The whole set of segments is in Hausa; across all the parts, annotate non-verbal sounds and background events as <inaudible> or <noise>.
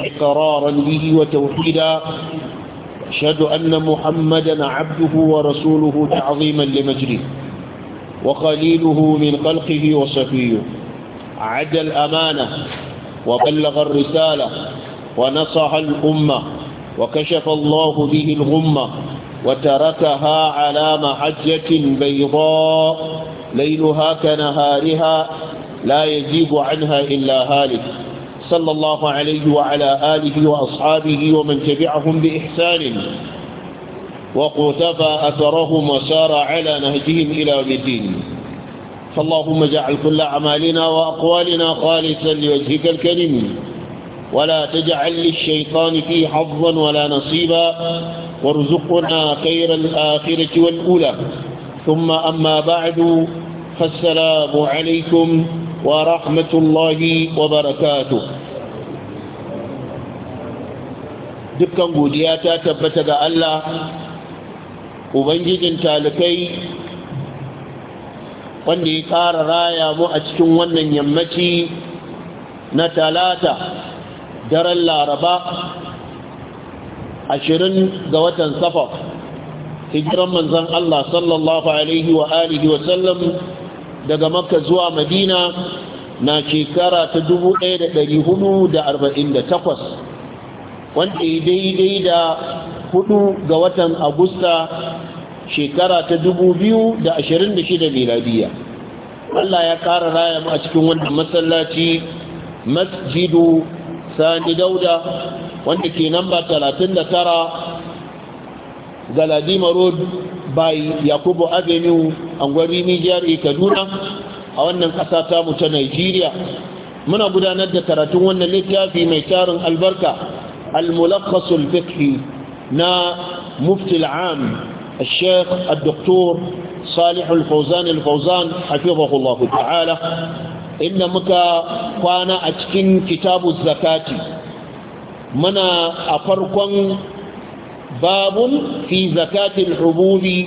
إقرارا به وتوحيدا أشهد أن محمدا عبده ورسوله تعظيما لمجده وخليله من خلقه وصفيه عد الأمانة وبلغ الرسالة ونصح الأمة وكشف الله به الغمة وتركها على محجة بيضاء ليلها كنهارها لا يجيب عنها إلا هالك صلى الله عليه وعلى آله وأصحابه ومن تبعهم بإحسان وقتفى أثرهم وسار على نهجهم إلى الدين فاللهم جعل كل أعمالنا وأقوالنا خالصا لوجهك الكريم ولا تجعل للشيطان فيه حظا ولا نصيبا وارزقنا خير الآخرة والأولى ثم أما بعد فالسلام عليكم ورحمة الله وبركاته dukkan godiya ta tabbata ga Allah ubangijin talikai wanda ya ƙara raya mu a cikin wannan yammaci na talata daren laraba ashirin ga watan safa hijiran manzan Allah sallallahu alaihi wa alihi wa sallam daga makka zuwa madina na shekara ta 1448 wanda daidai da hudu ga watan agusta shekara ta dubu biyu da da miladiya Allah ya kara raya mu a cikin wannan masallaci masjidu sani dauda wanda ke namba tara galadima road by yakubu avenue angwari nijiyar kaduna a wannan ƙasa mu ta nigeria muna gudanar da karatun wannan littafi mai tarin albarka الملخص الفقهي نا مفتي العام الشيخ الدكتور صالح الفوزان الفوزان حفظه الله تعالى إن مكا كان أتكن كتاب الزكاة منا أفرقا باب في زكاة الحبوب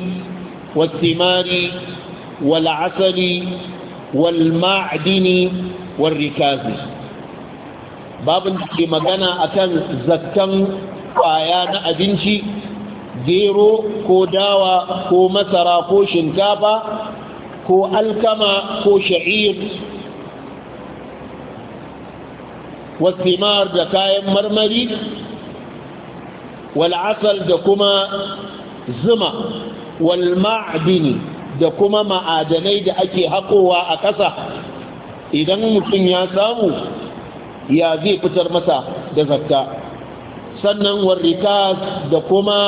والثمار والعسل والمعدن والركاز babin da ke magana akan zakkan kwaya na abinci gero ko dawa ko masara ko shinkafa ko alkama ko sha'ir wasimar da kayan marmari wal'asar da kuma zuma walma'adini da kuma ma'adanai da ake haƙowa a ƙasa idan mutum ya samu ya zai fitar masa da zakka sannan warrika da kuma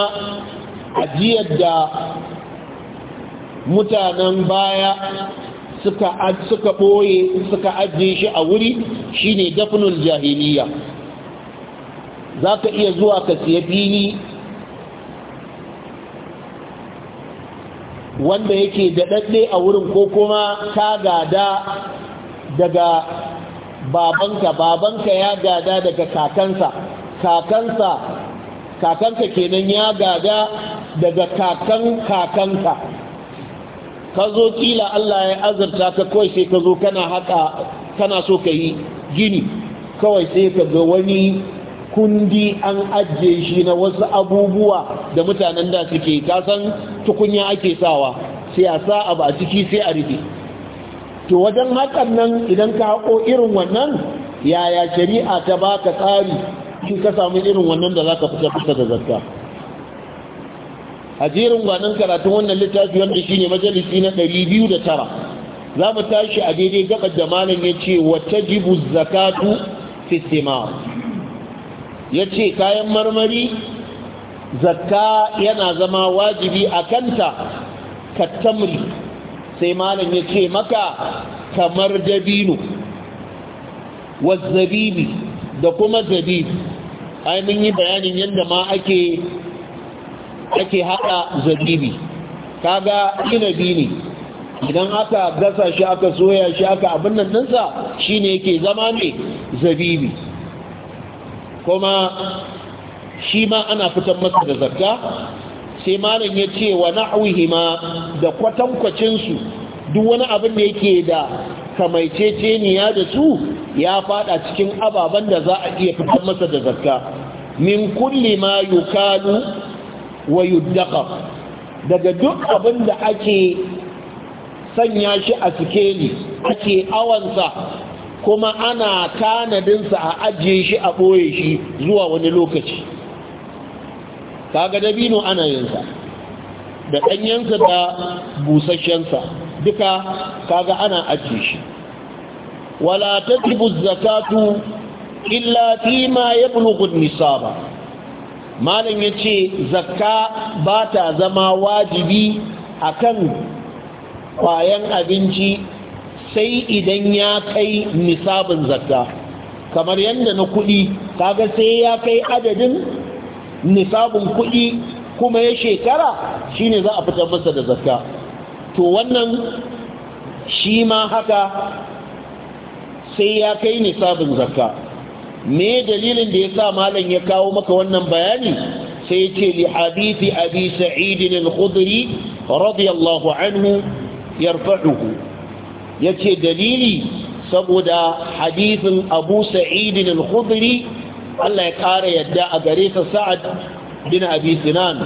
ajiyar da mutanen baya suka suka boye suka ajiye shi a wuri shine dafnul jahiliya zaka iya zuwa ka siya fili wanda yake da dadde a wurin ko kuma ka gada daga babanka babanka ya gada daga kakansa kakansa kakanka kenan ya gada daga kakan kakanka ka zo kila Allah ya azurta ka kawai sai ka zo kana haka kana so ka yi gini kawai sai ka ga wani kundi an ajiye shi na wasu abubuwa da mutanen da suke kasan tukunya ake sawa siyasa a sa abu a ciki sai a rufe to wajen hakan nan idan ka haƙo irin wannan yaya shari'a ta baka tsari shi ka samu irin wannan da za ka fita fita da zakka a jerin gwanin karatun wannan littafi wanda shi ne majalisi na 209 za mu tashi a daidai gabar da malam ya ce wata jibu zakatu sistema ya ce kayan marmari zakka yana zama wajibi a kanta kattamri sai malam ya ce maka kamar dabino wazzabibi da kuma zabibi ai mun yi bayanin yadda ma ake ake haɗa zabibi kaga inabi ne idan aka gasa shi aka soya shi aka abin nan ɗinsa shine yake zama ne zabibi kuma shi ma ana fitar masa da zakka sai malam ya ce wa na'uhima da kwatankwacinsu duk wani abin da yake da kamaiceceniya da su ya fada cikin ababen da za a iya fitar masa da zakka min kulli ma yukalu wa yuddaqa daga duk abin da ake sanya shi a sikeli ake awansa kuma ana tanadinsa a ajiye shi a ɓoye shi zuwa wani lokaci kaga dabino ana yinsa da ɗanyensa da busasshensa duka kaga ana ajiye shi wala tajibu zakatu illa fi ma yablughu nisaba malam yace zakka ba ta zama wajibi akan kwayan abinci sai idan ya kai nisabin zakka kamar yadda na kuɗi kaga sai ya kai adadin nisabin kuɗi kuma ya shekara shine za a fitar masa da zakka to wannan shi ma haka sai ya kai nisabin zakka me dalilin da ya sa malam ya kawo maka wannan bayani sai ya ce li hadithi abi sa'id al-khudri radiyallahu anhu yarfa'uhu yace dalili saboda hadithin abu sa'id al-khudri Allah ya ƙara yadda a gare sa sa'ad bin abi sinan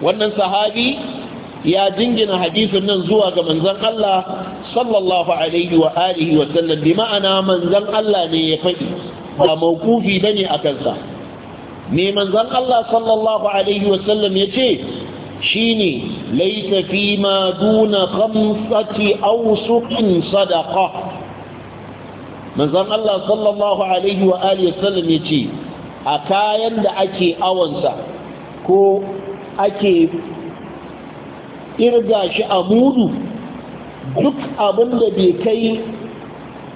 wannan sahabi ya jingina hadisin nan zuwa ga Manzan Allah sallallahu alaihi wa alihi wa sallam bi ma'ana manzon Allah ne ya faɗi ba mawqufi ne a kansa ne Manzan Allah sallallahu alaihi wa sallam yace shine laysa fi ma duna khamsati awsuqin sadaqa manzon Allah sallallahu alaihi wa alihi ya ce, a kayan da ake awansa ko ake irga shi a mudu duk abin da bai kai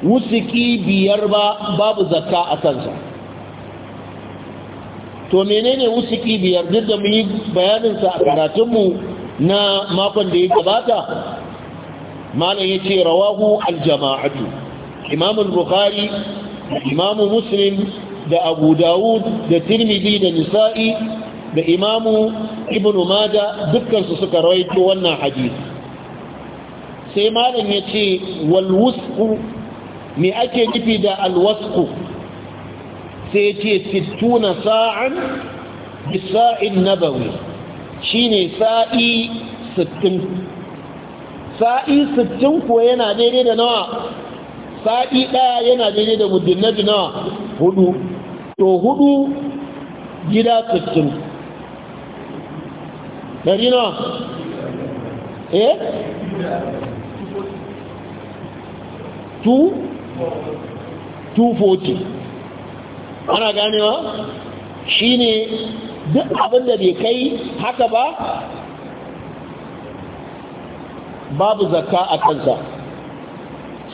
wusiki biyar ba babu zakka a kansa to menene wusiki biyar duk da muyi bayaninsa a karatunmu na makon da ya gabata malam ya ce rawahu aljama'atu imam al-bukhari imam muslim da abu dawud da tirmidhi da nisa'i da imam ibn maja dukkansu suka rawaito wannan hadisi sai malam yace wal wasqu me ake nufi da al wasqu sai yace 60 sa'an bisa'in nabawi shine sa'i 60 sa'i 60 ko yana daidai da nawa sa'i ɗaya yana daidai da muddin na hudu to hudu gida 60 ɗari na eh 240 ana ganewa shi ne duk abinda bai kai haka ba babu zakka a kansa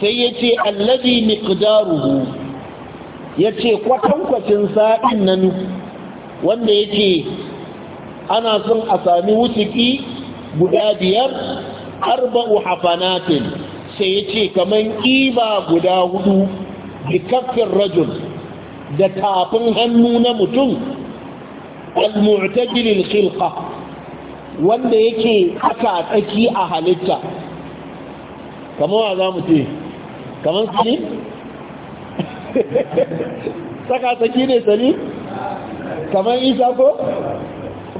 sai ya ce allazi miqdaruhu ya ce kwatankwacin sa'in nan wanda yake ana son a sami wutuki guda biyar arba'u hafanatin sai ya ce kamar ƙiba guda hudu da kafin rajul da tafin hannu na mutum al-mu'tajilil khilqa wanda yake aka tsaki a halitta kamar za mu ce kamar su ne? saka saki ne sani? kamar isa ko?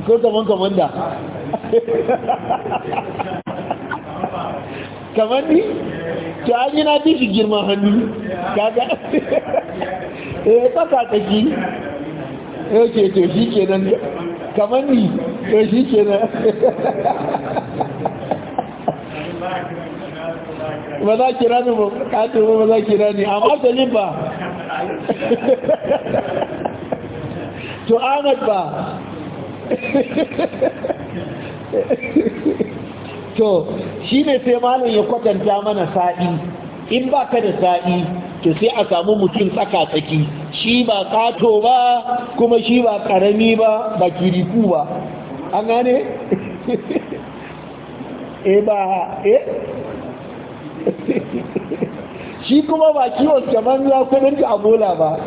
ko kamar kamanda kamar ni? ta an yi na fi shi girman hannu kaga eh saka saki eh ke to shi ke kenan kamar ni to shi ke nan? ba za kira ni ba katin ba za ki rani amma salim ba to ahmad ba to shi ne sai malin ya kwatanta mana sa'i in ba ka da sa'i to sai a samu mutum tsaka-tsaki shi ba kato ba kuma shi ba karami ba ba kiriku ba an gane? <laughs> e ba e <laughs> shi kuma ba kiwon kamar ya kudin da abola ba <laughs>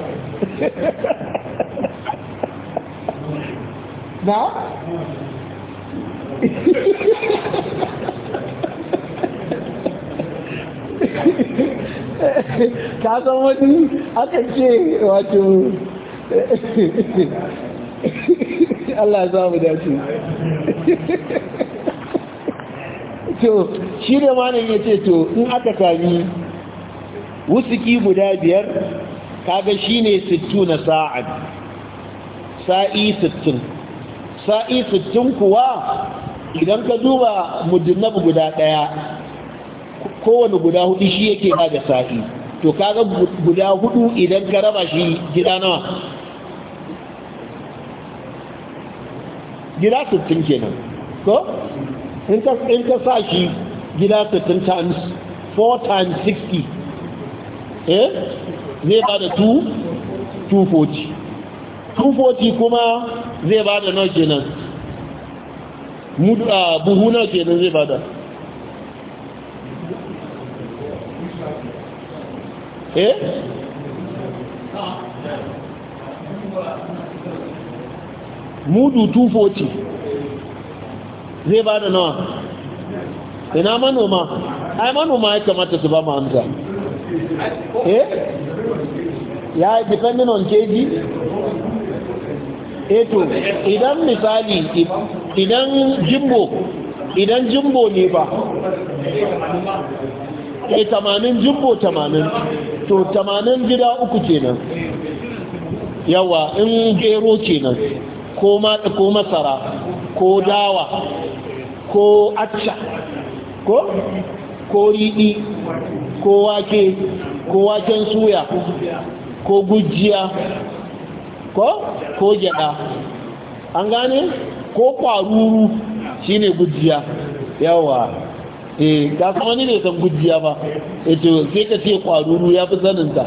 na? <laughs> ka san wani aka ce wato Allah za mu dace to shi da malam ya ce to in aka sami wusiki guda biyar kaga shi ne sittu na sa'ad sa'i sittin sa'i sittin kuwa idan ka duba mudunab guda ɗaya kowane guda hudu shi yake ba da sa'i to kaga guda hudu idan ka raba shi gida nawa gida sittin kenan ko in ka sa shi gida 30 times 4 times 60 eh zai ba da 2 240 kuma zai ba da nawa kenan mudu a ah, buhu nawa kenan zai ba da eh mudu 240 zai ba da nawa ina manoma ai manoma ya kamata su ba mu amsa eh ya yi depending on keji eto eh idan misali idan jimbo idan jimbo ne ba e eh, tamanin jimbo tamanin to tamanin gida uku kenan yawa in gero kenan ko masara ko dawa ko acca ko ko riɗi ko wake ko waken suya ko gujiya ko ko gyada an gane ko kwaruru shine gujiya yawa eh ga wani ne san gujiya ba eto eh, sai ka ce kwaruru ya fi saninta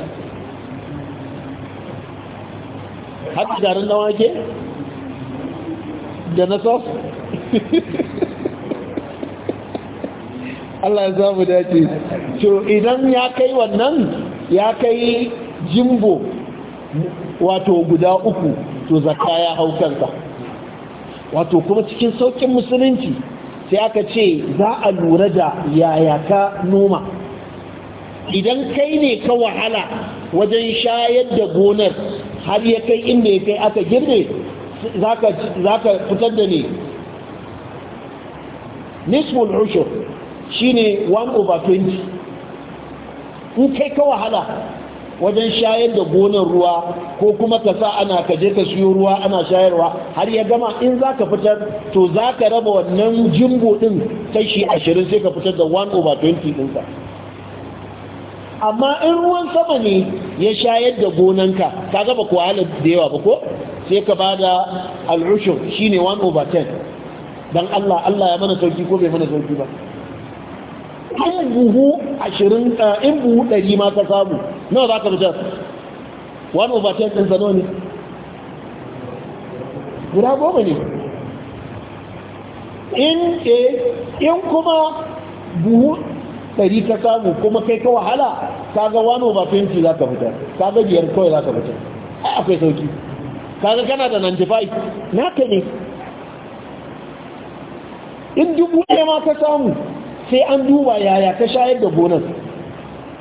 haɗi garin da wake da na sauce <laughs> Allah ya mu dace to idan ya kai wannan ya kai jimbo wato guda uku to zakka ya hau kanka wato kuma cikin saukin musulunci sai aka ce za a lura da yaya ka noma idan kai ne ka wahala wajen shayar da gonar har ya kai inda ya kai aka girbe za ka fitar da ne nisbul ushur shine 1 over 20 in kai ka wahala wajen shayar da gonar ruwa ko kuma ka sa ana kaje ka siyo ruwa ana shayarwa har ya gama in za ka fitar to za ka raba wannan jimbo ɗin kashi ashirin sai ka fitar da 1 over 20 ɗinka amma in ruwan sama ne ya shayar da gonanka ka gaba ko halar da yawa ba ko sai ka ba da al'ushur shine 1 over 10 don allah allah ya mana sauki ko bai mana sauki ba in buhu ashirin eh, in buhu ɗari ma ka samu nawa za ka fitar wani overtake ɗin zano ne guda goma ne in eh, in kuma buhu ɗari ka samu kuma kai ka wahala ga wani ɗin za ka ka ga biyar kawai za ka a akwai sauki ga kana da 95 naka ne in dubu ɗaya ma ka samu sai an duba yaya ka shayar da gonar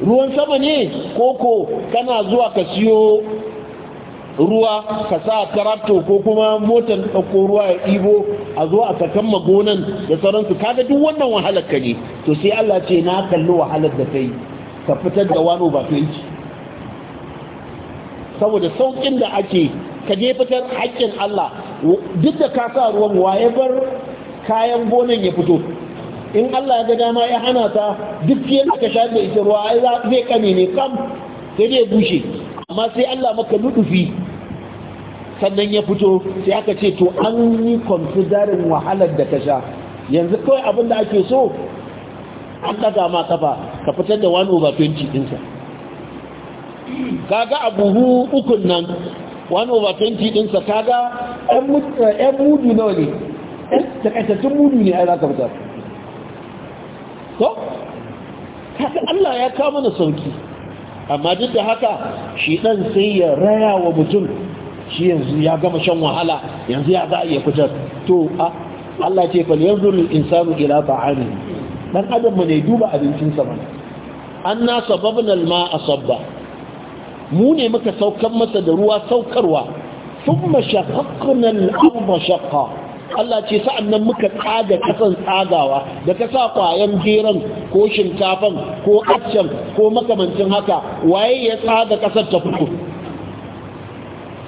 ruwan sama ne koko kana zuwa ka siyo ruwa ka sa tarakto ko kuma motar ɗauko ruwa ya ɗibo a zo a sakan gonan da sauransu kaga duk wannan wahalar ka ne to sai Allah ce na kalli wahalar da kai ka fitar da wano ba ka saboda sauƙin da ake ka je fitar haƙƙin Allah duk da ka sa ruwan waye bar kayan gonan ya fito in Allah ya ga dama ya hana ta duk da ka sha ita ruwa ai zai kame ne kam sai dai bushe amma sai Allah maka ludufi sannan ya fito sai aka ce to an yi considering wahalar da ka sha yanzu kawai abin da ake so an daga ma kafa ka fitar da wani over 20 ɗinsa kaga abubu ukun nan wani over 20 ɗinsa kaga ɗan mudu nawa ne takaitattun mudu ne ai za ka fitar ko haka Allah ya kama mana sauki amma duk da haka shi dan sai ya raya wa mutum shi yanzu ya gama shan wahala yanzu ya za a iya fitar to a Allah ce fal yanzu insanu ila ta'ani dan adam ne duba abincinsa ba anna sababna al-ma'a sabba mu ne muka saukan masa da ruwa saukarwa thumma shaqqaqna al-ardha shaqqa Allah ce sa'an nan muka tsaga kasan tsagawa da ka sa kwayan geron ko shinkafan ko ƙaccen ko makamancin haka waye ya tsaga kasar ta fito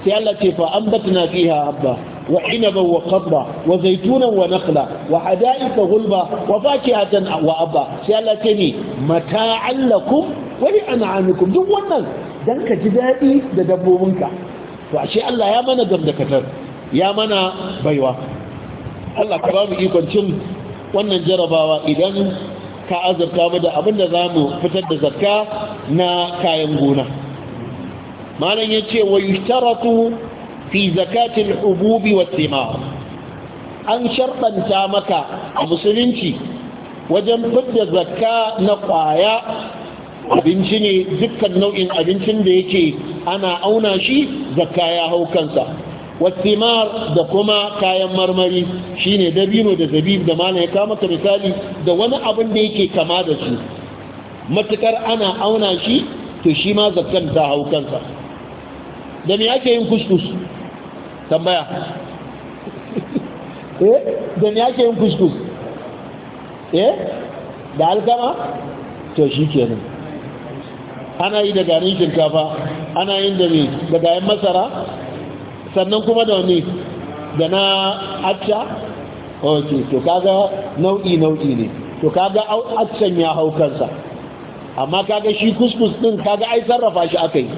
sai Allah ce fa an batna fiha habba wa inaban wa qabba wa zaitunan wa nakhla wa hada'ika gulba wa faki fakihatan wa abba sai Allah ce ne mata'an lakum wani li an'amikum duk wannan don ka ji daɗi da dabbobinka to ashe Allah ya mana gamdakatar ya mana baiwa Allah ka ba mu ikon cin wannan jarabawa idan ka azurta mu da abin da za mu fitar da zakka na kayan gona malam ya ce wa yushtaratu fi zakatin hububi wa thimar an sharɓanta maka a musulunci wajen fidda zakka na ƙwaya abinci ne dukkan nau'in abincin da yake ana auna shi zakka ya hau kansa wasimar da kuma kayan marmari shine dabino da zabib da mana ya kama ka misali da wani abin da yake kama da su matukar ana auna shi to shi ma zakkan ta hau kansa da me ake yin kuskus tambaya <laughs> eh da me ake yin kuskus eh da alkama to shi kenan ana yi da garin shinkafa ana yin da me da gayen masara sannan kuma da ne da na acca ok to kaga nau'i nau'i ne to kaga accan ya hau kansa amma kaga shi kuskus din kaga ai sarrafa shi aka yi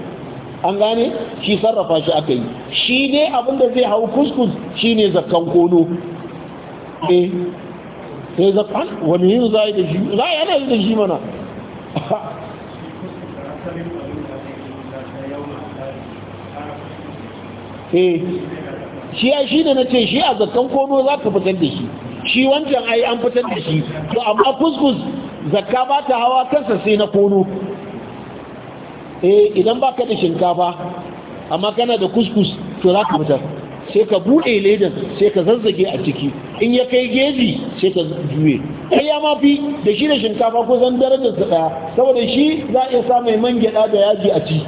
an gane shi sarrafa shi aka yi shi ne abinda zai hau kuskus shi ne zakan kono eh sai zakan wani yin za yi da shi za a yana yi da shi mana <laughs> Eh, shi ya shi da na ce shi a zakan kono za ka fitar da shi shi wancan ai an fitar da shi to amma kuskus zakka ba ta hawa kansa sai na kono eh idan ba ka da shinkafa amma kana da kuskus to za ka fitar sai ka buɗe ledan sai ka zazzage a ciki in ya kai geji sai ka juye ai ya ma fi da shi da shinkafa ko zan darajar sa daya saboda shi za a iya samun man gyaɗa da yaji a ci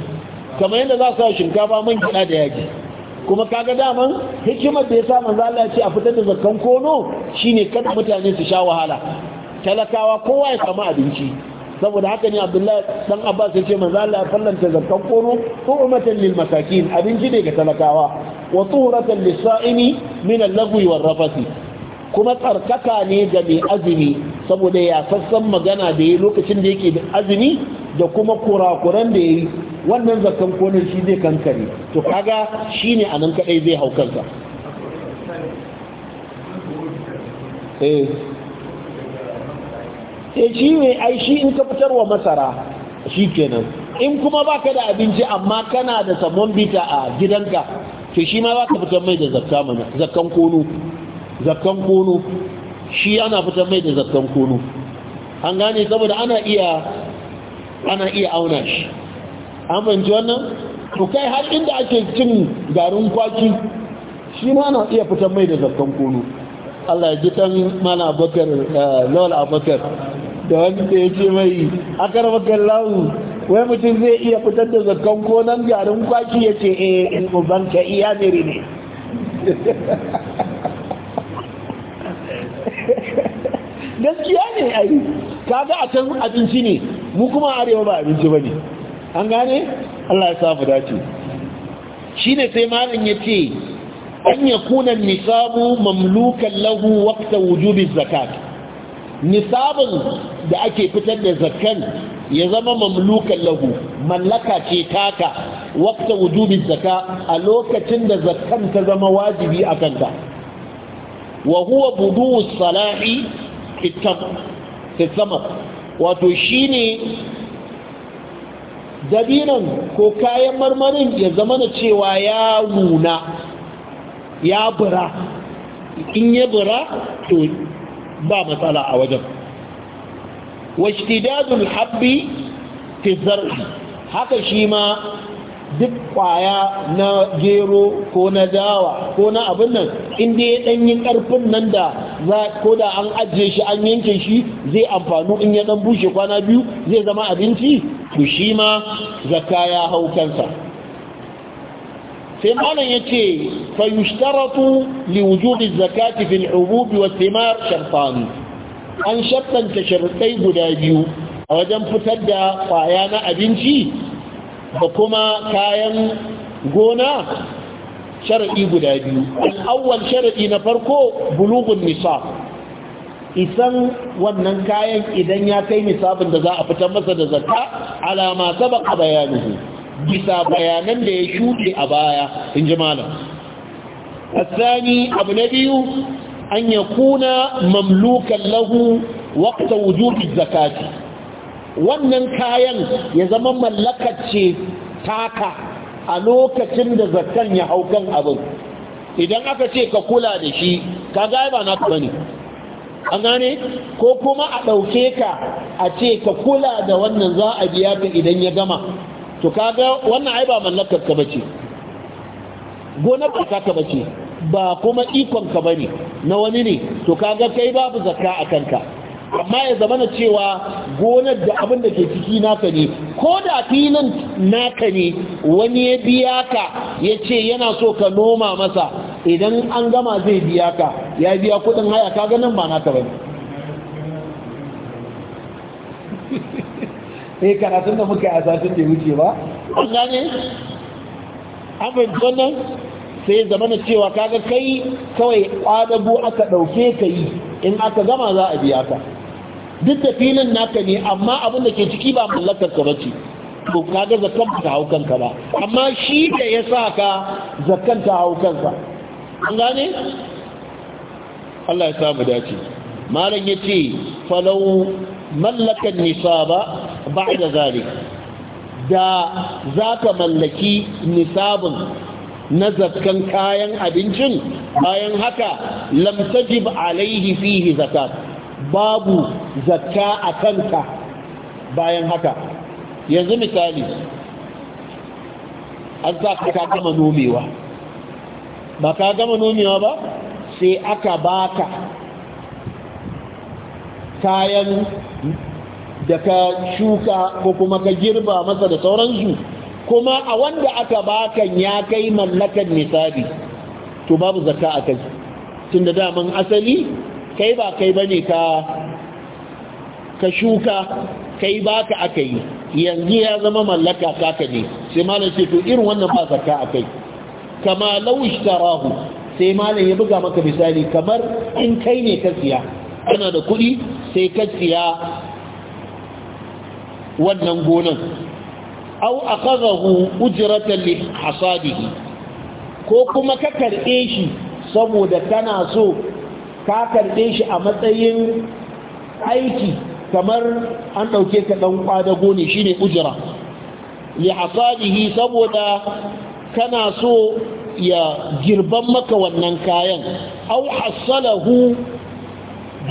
kamar yadda za a sa shinkafa man gyaɗa da yaji kuma kaga daman hikimar da ya sa manzo Allah ya ce a fitar da zakkan kono shine kada mutane su sha wahala talakawa kowa ya samu abinci saboda haka ne Abdullahi dan Abbas ya ce manzo Allah ya fallanta zakkan kono tu'matan lil masakin abinci ne ga talakawa wa tuhuratan lis-sa'imi min al-lagwi war-rafasi kuma tsarkaka ne ga mai azumi saboda ya sassan magana da ya lokacin da yake da azumi da kuma kurakuran da ya yi wannan zakan konin shi zai kankare to kaga shi ne a nan kaɗai zai hau kansa eh, eh shi ne ai shi in ka wa masara shi kenan in kuma baka da abinci amma kana da samon bita a gidanka to shi ma baka fitar mai da zakka konu zakkan konu shi ana fitar mai da zakkan kunu an gane saboda ana iya ana iya auna shi an fahimci wannan to kai har inda ake cin garin kwaki shi ma na iya fitar mai da zakkan kunu Allah ya ji tan mana abakar eh, lawal abakar da wani da ya ce mai akar bakar lawu wai mutum zai iya fitar da zakkan konan garin kwaki ya ce eh in ubanka iya ne <laughs> <laughs> gaskiya ne a yi. kaga a can abinci ne mu kuma arewa ba abinci ba ne an gane Allah ya samu dace shi ne sai malin ya ce an ya kunan nisabu mamlukan lahu wakta wujubin zakat nisabin da ake fitar da zakan ya zama mamlukan lahu mallaka ce taka wakta wujubin zaka a lokacin da zakan ta zama wajibi a kanta Wahuwa huwa budu salahi wato shine dabinan ko kayan marmarin ya zama na cewa ya nuna ya bira, in ya bura to ba matsala a wajen washtidadul habbi fi haka shi ma duk kwaya na gero ko na dawa ko na abin nan inda ya ɗanyi ƙarfin nan da za ko da an ajiye shi an yanke shi zai amfanu in ya ɗan bushe kwana biyu zai zama abinci to shi ma zakka ya hau kansa sai malam ya ce fa yushtaratu li wujudi zakati fil ububi wa thimar shartan an shartanta sharuɗai guda biyu a wajen fitar da kwaya na abinci da kuma kayan gona sharaɗi guda biyu al'awwal sharaɗi na farko bulugun nisa isan wannan kayan idan ya kai nisabin da za a fitar masa da zakka alama sabaka bayanuhu bisa bayanan da ya shuɗe a baya in ji malam na biyu, an ya kuna mamlukan lahu وقت وجوب zakati wannan kayan ya zama mallakace taka a lokacin da zaton ya hau kan abin idan aka ce ka kula da shi ka gaya ba na bane an gane ko kuma a ɗauke ka a ce ka kula da wannan za a biya ka idan ya gama to kaga wannan ai ba mallakar ka bace gonar ba ka bace ba kuma ikon ka bane na wani ne to kaga kai babu zakka a kanka amma ya zama na cewa gonar da abin da ke ciki naka ne ko da filin naka ne wani ya biya ka ya ce yana so ka noma masa idan an gama zai biya ka ya biya kudin haya ka ganin ba naka bane <laughs> eh karatun da muka yi a satin da wuce ba an gane an wannan sai zama na cewa kaga kai kawai ƙwadago aka ɗauke ka yi in aka gama za a biya ka duk da filin naka ne amma abin da ke ciki ba mallakar ka bace to kaga zakan ba ta hau kanka ba amma shi da ya sa ka zakan ta hau kanka an gane Allah ya samu dace malam yace falau mallakan nisaba ba'da zalik da zaka mallaki nisabin na zakkan kayan abincin bayan haka lam tajib alaihi fihi zakat babu zakka a kanka bayan haka yanzu misali an za ka gama nomewa ba ka gama nomewa ba sai aka baka kayan da ka shuka ko kuma ka girba masa da sauransu kuma a wanda aka bakan ya kai mallakan misali to babu zakka a kai tun da daman asali kai ba kai bane ka ka shuka kai baka aka yi yanzu ya zama mallaka kaka ne sai malam ce to irin wannan ba a kai. kama law ishtarahu sai malam ya buga maka misali kamar in kai ne ka siya kana da kuɗi sai ka siya wannan gonan au a ujratan li hasadihi ko kuma ka karɓe shi saboda kana so ka karɓe shi a matsayin aiki kamar an ɗauke ka ɗan ƙwadago ne shi ne ujira li saboda kana so ya girban maka wannan kayan au hassalahu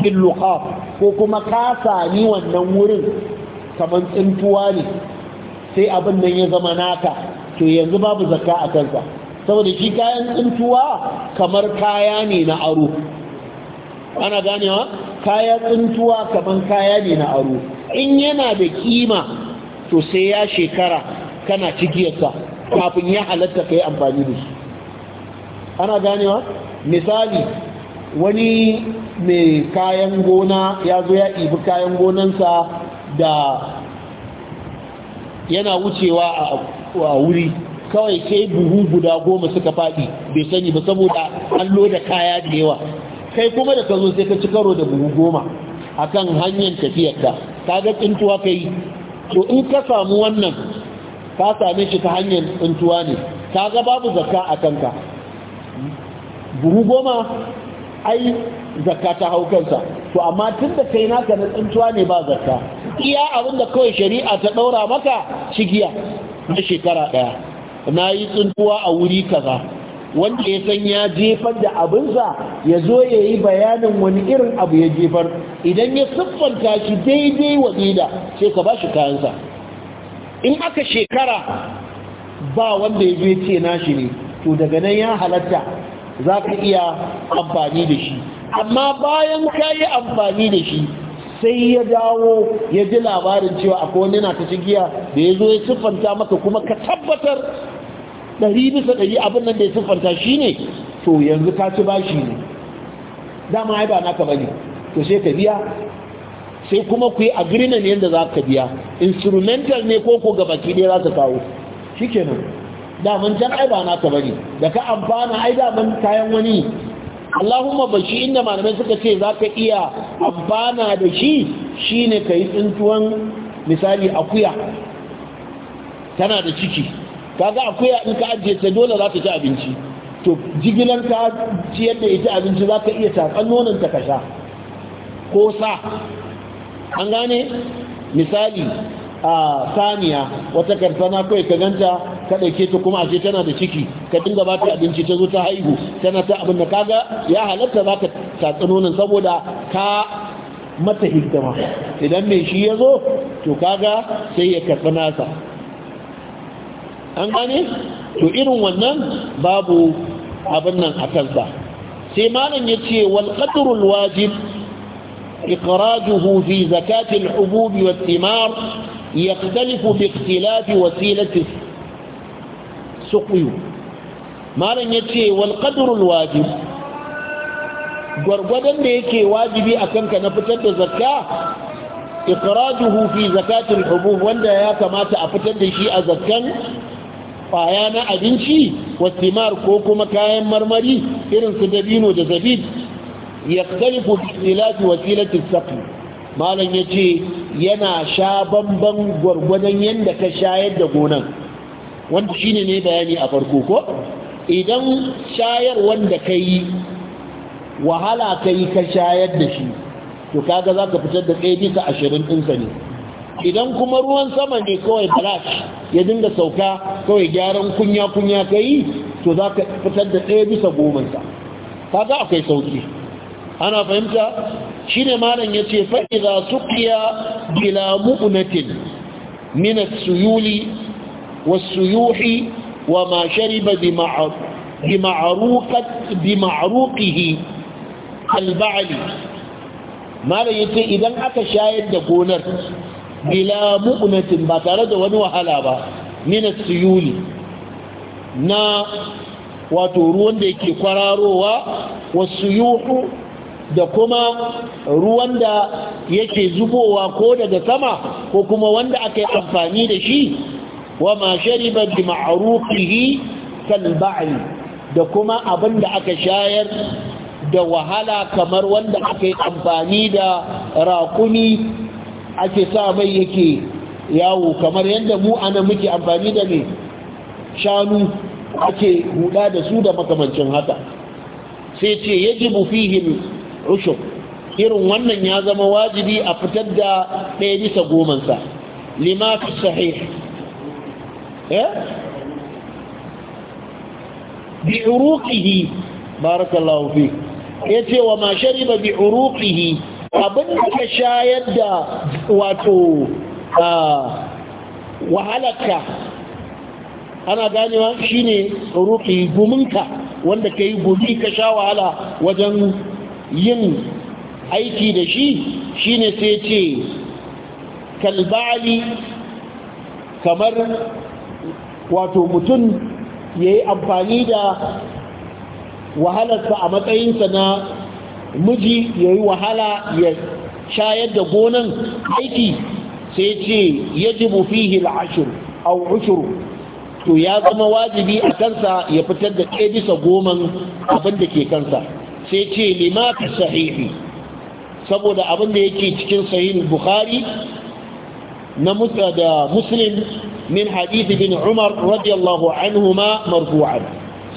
bil luqab ko kuma ka sami wannan wurin kamar tsintuwa ne sai abin nan ya zama naka to yanzu babu zakka a kansa saboda shi kayan tsintuwa kamar kaya ne na aro ana ganewa kaya tsintuwa kaman kaya ne na aro in yana da kima to sai ya shekara kana cikiyarsa kafin ya halatta ka yi amfani da shi ana ganewa misali wani mai kayan gona ya zo ya ibi kayan gonansa da yana wucewa a wuri kawai sai buhu guda goma suka faɗi bai sani ba saboda an loda kaya da yawa kai kuma da ka zo sai ka ci karo da buhu goma a kan hanyar tafiyarka Ta ga tsintuwa ka yi to in ka samu wannan ka same shi ta hanyar tsintuwa ne ka ga babu zakka a kanka buhu goma ai zakka ta hau kansa to amma tun da kai naka na tsintuwa ne ba zakka iya abin da kawai shari'a ta ɗaura maka cigiya na shekara ɗaya na yi tsintuwa a wuri kaza wanda ya san ya jefar da abinsa ya zo ya yi bayanin wani irin abu ya jefar idan ya siffanta shi daidai wakila sai ka ba shi kayansa in aka shekara ba wanda ya zai ce nashi ne to daga nan ya halatta za ka iya amfani da shi amma bayan ka yi amfani da shi sai ya dawo ya ji labarin cewa akwai wani na ta giya da ya zo ya siffanta maka kuma ka tabbatar ɗari bisa ɗari abin nan da ya siffanta shi ne to yanzu ka ci bashi ne dama ai ba naka bane to sai ka biya sai kuma ku yi ne yadda za ka biya instrumental ne ko ko gabaki ɗaya za ka kawo shikenan daman can ai ba naka bane da ka amfana ai daman kayan wani Allahumma ba shi inda malamai suka ce za ka iya amfana da shi shine ne ka yi tsintuwan misali akuya tana da ciki Ka kaga akuya in ka ajiye ta dole za ta ci abinci to jigilar ka ciyar da ita abinci za ka iya tafan nonon ta kasha ko sa an gane misali a saniya wata karsana kawai ka ganta ka ɗauke ta kuma ce tana da ciki ka dinga ba ta abinci ta zo ta haihu tana ta abin da kaga ya halatta za ka tatsi nonon saboda ka mata hidima idan mai shi ya zo to kaga sai ya karɓi nasa an gane to irin wannan babu abin nan a ba. sai malam ya ce wal qadrul wajib iqrajuhu fi zakatil hubub wat thimar يختلف باختلاف وسيلة سقيه malam ya ce walƙadurul wajib gwargwadon da yake wajibi a kanka na fitar da zakka ikirajuhu fi zakatul hubub wanda ya kamata a fitar da shi a zakkan kwaya na abinci wasimar ko kuma kayan marmari irin su dabino da zabib yaktarifu bi ikhtilafi wasilati saqi malam yace yana sha bambam gwargwadon yanda ka shayar da gonan wanda shi ne bayani a farko ko idan shayar wanda yi, wahala yi ka shayar da shi to kaga zaka fitar da ɗaya bisa ashirin ɗinsa ne idan kuma ruwan sama ne kawai black ya dinga sauka kawai gyaran kunya-kunya ka yi to za ka fitar da ɗaya bisa gomansa ga akwai sauki ana fahimta shi ne malam ya ce su kiya bila mu'unatin minat suyuli wa Suyuhi wa ma shariba ma’arukihi alba'ali malam ya ce idan aka shayar da gonar bila mu'natin ba tare da wani wahala ba minas suyuli na wato ruwan da yake kwararowa wasu da kuma ruwan da yake zubowa ko daga sama ko kuma wanda aka yi amfani da shi wa ma shariba bi ma'rufihi kal ba'i da kuma abin da aka shayar da wahala kamar wanda aka yi amfani da rakumi ake sa mai yake yawo kamar yadda mu ana muke amfani da ne shanu ake huda da su da makamancin haka sai ce ya yajibu fihim rushe irin wannan ya zama wajibi a fitar da ɗaya bisa gomansa lima fi sahih eh bi uruqihi barakallahu fi ce wa ma ba bi uruƙihi abin da ka shayar da wato wahalarka ana ganewa shine rufi guminka wanda ka yi gumi ka sha wahala wajen yin aiki da shi shine sai ce kalbali kamar wato mutum ya yi amfani da wahalarsa a matsayinsa na miji ya yi wahala ya shayar da gonan aiki sai ce yajibu fihi al'ashir aw ushru to ya zama wajibi a kansa ya fitar da ɗaya bisa goman abin da ke kansa sai ce lima sahihi saboda abin da yake cikin sahih bukhari na musa da muslim min hadisi bin umar radiyallahu ma marfu'an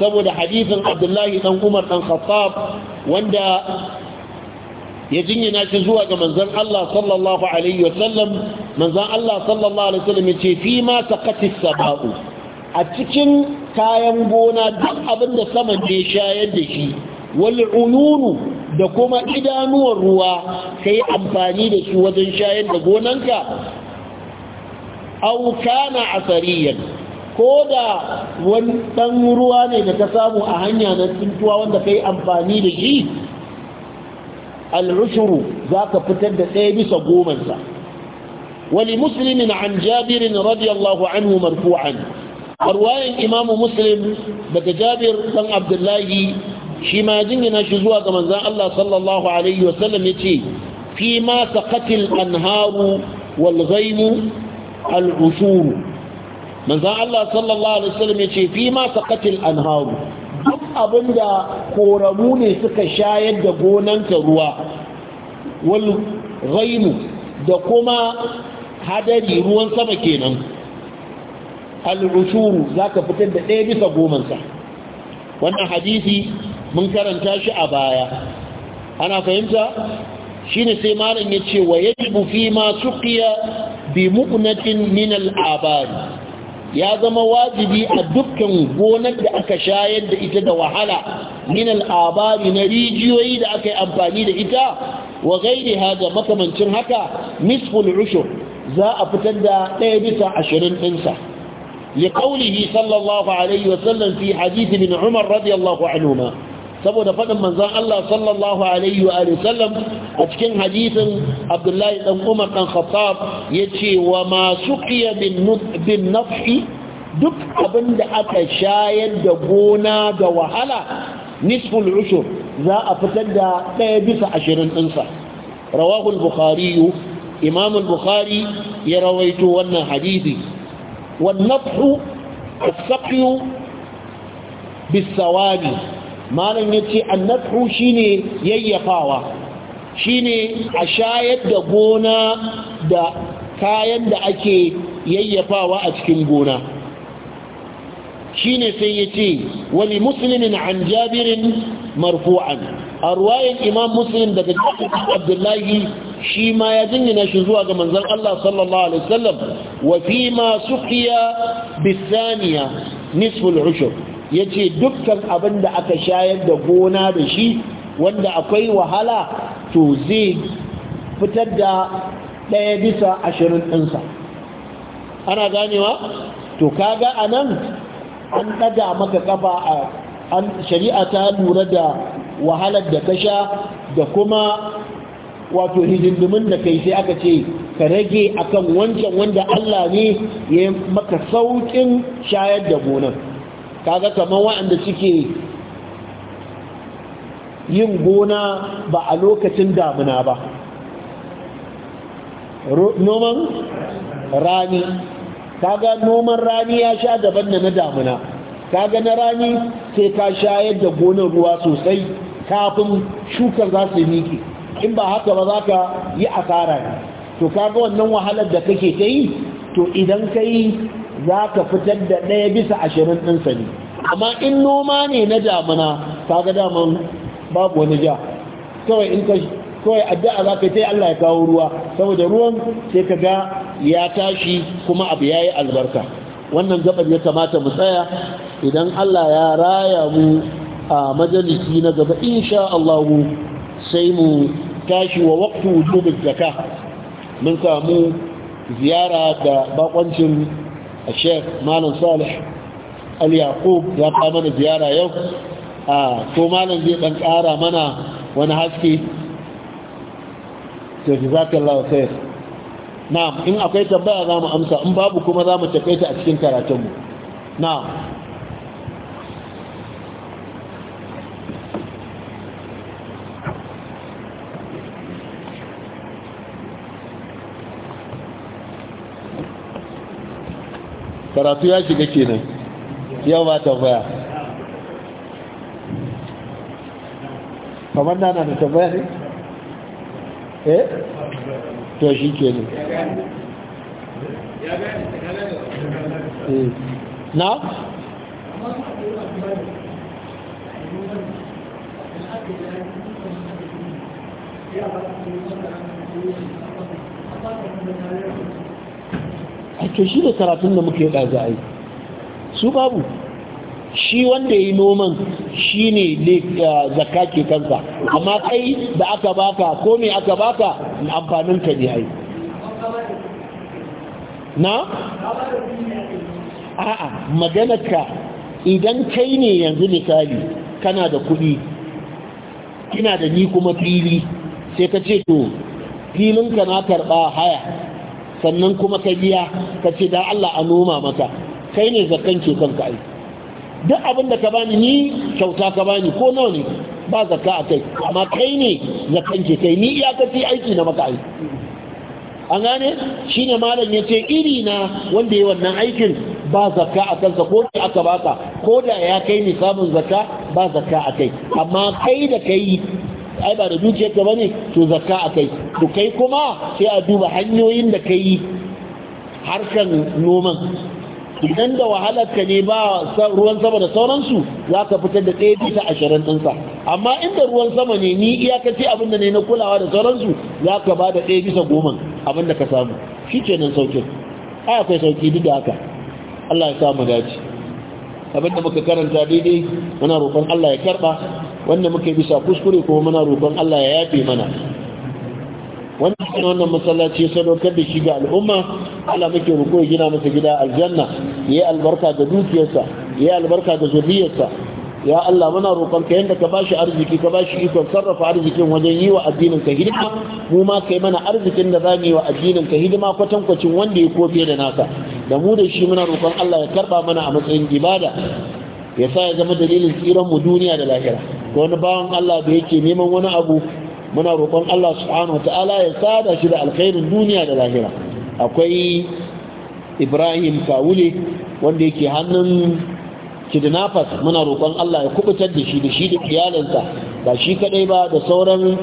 saboda hadisin abdullahi dan umar dan khattab wanda ya jinyana shi zuwa ga manzon Allah sallallahu alaihi wasallam manzon Allah sallallahu alaihi wasallam yace fi ma taqati sabau a cikin kayan gona duk abin da saman ne shayar da shi wal ununu da kuma idanuwar ruwa kai amfani da su wajen shayar da gonanka aw kana asariyan ko da wani ɗan ruwa ne da ka samu a hanya na tuntuwa wanda ka yi amfani da shi al'ushuru za ka fitar da ɗaya bisa gomansa wani musulmin an jabirin radiyallahu anhu marfu'an arwayin imamu muslim daga jabir ɗan abdullahi shi ma jingina shi zuwa ga manzan Allah sallallahu alaihi wasallam ya ce fi ma saƙatil anharu wal ghaimu al'ushuru manzan Allah sallallahu alaihi wasallam ya ce fi ma saqatil anharu duk abinda koramu ne suka shayar da gonanta ruwa wal ghaimu da kuma hadari ruwan sama kenan al-ushuru zaka fitar da ɗaya bisa gomansa. wannan hadisi mun karanta shi a baya ana fahimta shine sai malam yace wa yajibu fi ma suqiya bi mu'natin min al ya zama wajibi a dukkan gonar da aka shayar da ita da wahala min al'abari na rijiyoyi da aka yi amfani da ita wa gairi da makamancin haka nisful ushur za a fitar da ɗaya bisa ashirin ɗinsa liƙaunihi sallallahu alaihi wasallam fi hadithi bin umar radiyallahu anhu ma saboda faɗin manzan Allah sallallahu alaihi wa sallam a cikin hadisin abdullahi ɗan umar dan khattab yace wa masu suqiya bin naf'i duk abin da aka shayar da gona ga wahala nisful ushur za a fitar da ɗaya bisa ashirin ɗinsa rawahul bukhari imam bukhari ya rawaito wannan hadisi والنطح السقي ya ce لن يتي shi ne ييقاوة shine a shayar da gona da kayan da ake yayyafawa a cikin gona shine sai ya ce wani musulmin an jabirin marfu'an a ruwayin imam muslim daga jikin abdullahi shi ma ya jingina shi zuwa ga manzan Allah sallallahu alaihi wasallam wa fi ma sukiya bisaniya nisful ya yace dukkan abin da aka shayar da gona da shi wanda akwai wahala to zai fitar da ɗaya bisa ashirin ɗinsa ana ganewa to kaga a nan an ɗaga maka ƙafa a shari'a ta lura da wahalar da ka sha da kuma wato hijindumin da kai sai aka ce ka rage akan wancan wanda Allah ne ya maka saukin shayar da gona kaga kamar waɗanda suke yin gona ba a lokacin damuna ba noman rani kaga noman rani ya sha daban da na damuna kaga na rani sai ka sha yadda gonar ruwa sosai kafin shukar za su miƙe in ba haka ba za ka yi asara ne to kaga wannan wahalar da kake ta yi to idan ka yi za ka fitar da ɗaya bisa ashirin ɗinsa ne amma in noma ne na damuna kaga daman babu wani ja kawai in ka kawai addu'a za ka yi Allah ya kawo ruwa saboda ruwan sai ka ga ya tashi kuma abu ya yi albarka wannan gabar ya kamata mu tsaya idan Allah ya raya mu a majalisi na gaba insha Allah sai mu tashi wa waqtu wujubin zaka mun samu ziyara da bakoncin Sheikh Malam Salih Al-Yaqub ya kawo mana ziyara yau a ko malam zai dan ƙara mana wani haske to Allah khair na'am in akwai tambaya za mu amsa in babu kuma za mu ta a cikin karatunmu na'am karatu ya shiga kenan yau ba tambaya kamar na na tambaya ne eh to shi ke ne eh. na a to shi da karatun da muke ɗaza a yi su babu shi wanda yi noman shi ne zaka ke kansa amma kai da aka baka ko mai aka baka Na amfanin ka ne hai na? a'a maganarka idan kai ne yanzu misali kana da kuɗi kina da ni kuma fili sai ka ce to filinka na karɓa haya sannan kuma ka biya ka ce da Allah a noma maka kai ne zakan ke kanka aiki duk abin da ka bani ni kyauta ka bani ko nawa ne ba zaka a amma kai ne zakkan ke kai ni iyakaci aiki na maka aiki an gane shi malam ya ce iri na wanda ya wannan aikin ba zaka a kansa ko ne aka baka ko da ya kai ni samun zakka ba zaka a amma kai da kai ai ba da dukiyar ka bane to zakka akai kai to kai kuma sai a duba hanyoyin da kai harkan noman idan da ka ne ba ruwan sama da sauransu za ka fitar da ɗaya bisa ashirin ɗinsa amma inda ruwan sama ne ni iyakaci abin da ne na kulawa da sauransu za ka ba da ɗaya bisa goma abin da ka samu shi ke nan saukin ai akwai sauki duk da haka Allah ya samu dace abin da muka karanta daidai muna roƙon Allah ya karɓa wanda muka bisa kuskure kuma muna roƙon Allah ya yafe mana wanda cikin wannan masallaci ya sadaukar da shi ga al'umma Allah muke roƙo ya gina masa gida aljanna ya yi albarka ga dukiyarsa ya yi albarka ga zuriyarsa ya Allah muna roƙon ka yanda ka bashi arziki ka bashi ikon sarrafa arzikin wajen yi wa addinin ka hidima mu ma kai mana arzikin da zamu yi wa addinin ka hidima kwatankwacin wanda ya kofe da naka da mu da shi muna roƙon Allah ya karba mana a matsayin ibada ya sa ya zama dalilin tsiran mu duniya da lahira wani bawan Allah da yake neman wani abu muna roƙon Allah subhanahu ta'ala ya sada shi da alkhairin duniya da lahira akwai Ibrahim Kawule wanda yake hannun kidnappers muna roƙon Allah ya kubutar da shi da shi da iyalinsa. ba shi kadai ba da sauran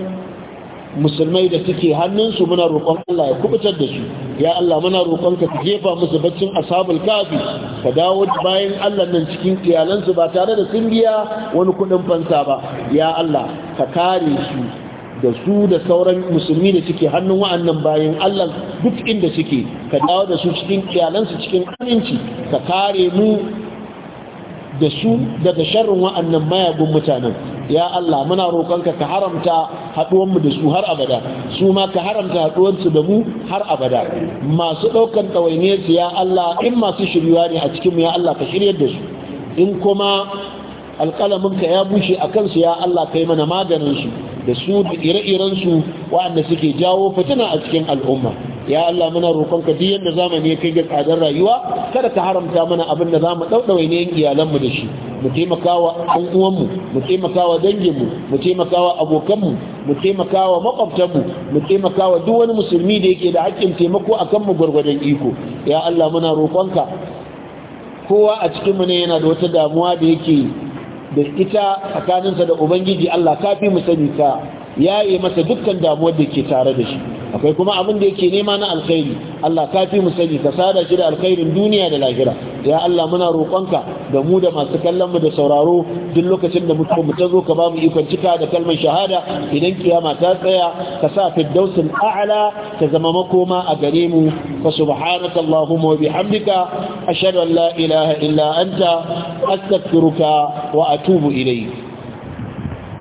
musulmai da suke hannunsu muna roƙon Allah ya kubutar da su ya Allah muna roƙon ka jefa musu baccin ashabul kafi ka dawo bayan Allah nan cikin iyalansu ba tare da sun biya wani kuɗin fansa ba ya Allah ka kare su da su da sauran musulmi da suke hannun wa'annan bayan Allah duk inda suke ka dawo da su cikin iyalansu cikin aminci ka kare mu da su daga sharrin wa'annan mayagun mutanen ya Allah muna roƙonka ka haramta haɗuwanmu da su har abada su ma ka haramta haɗuwansu da mu har abada masu ɗaukan ɗawainiyarsu ya Allah in masu shiryuwa ne a cikinmu ya Allah ka shiryar da su in kuma alƙalaminka ya bushe a kansu ya Allah ka yi mana maganin su da su da ire-irensu waɗanda suke jawo fitina a cikin al'umma ya Allah muna roƙonka duk yanda zamani ya kai ga tsadar rayuwa kada ka haramta mana abin da zamu ɗauɗaure ne iyalanmu da shi mu taimakawa ɗan uwanmu mu taimakawa danginmu mu taimakawa abokanmu mu taimakawa makwabtanmu mu taimakawa duk wani musulmi da yake da haƙƙin taimako akan mu gwargwadon iko ya Allah muna roƙonka kowa a cikinmu ne yana da wata damuwa da yake da ita tsakaninsa da ubangiji Allah ka fi mu sani ta yaye masa dukkan damuwar da ke tare da shi akwai kuma abin da yake nema na alkhairi Allah ka fi mu sani ka sada shi da alkhairin duniya da lahira ya Allah muna roƙonka da mu da masu kallon mu da sauraro duk lokacin da mutum mu zo ka ba mu ikon cika da kalmar shahada idan kiyama ta tsaya ka sa firdausul a'la ta zama makoma a gare mu fa subhanaka allahumma wa bihamdika ashhadu an la ilaha illa anta astaghfiruka wa atubu ilayk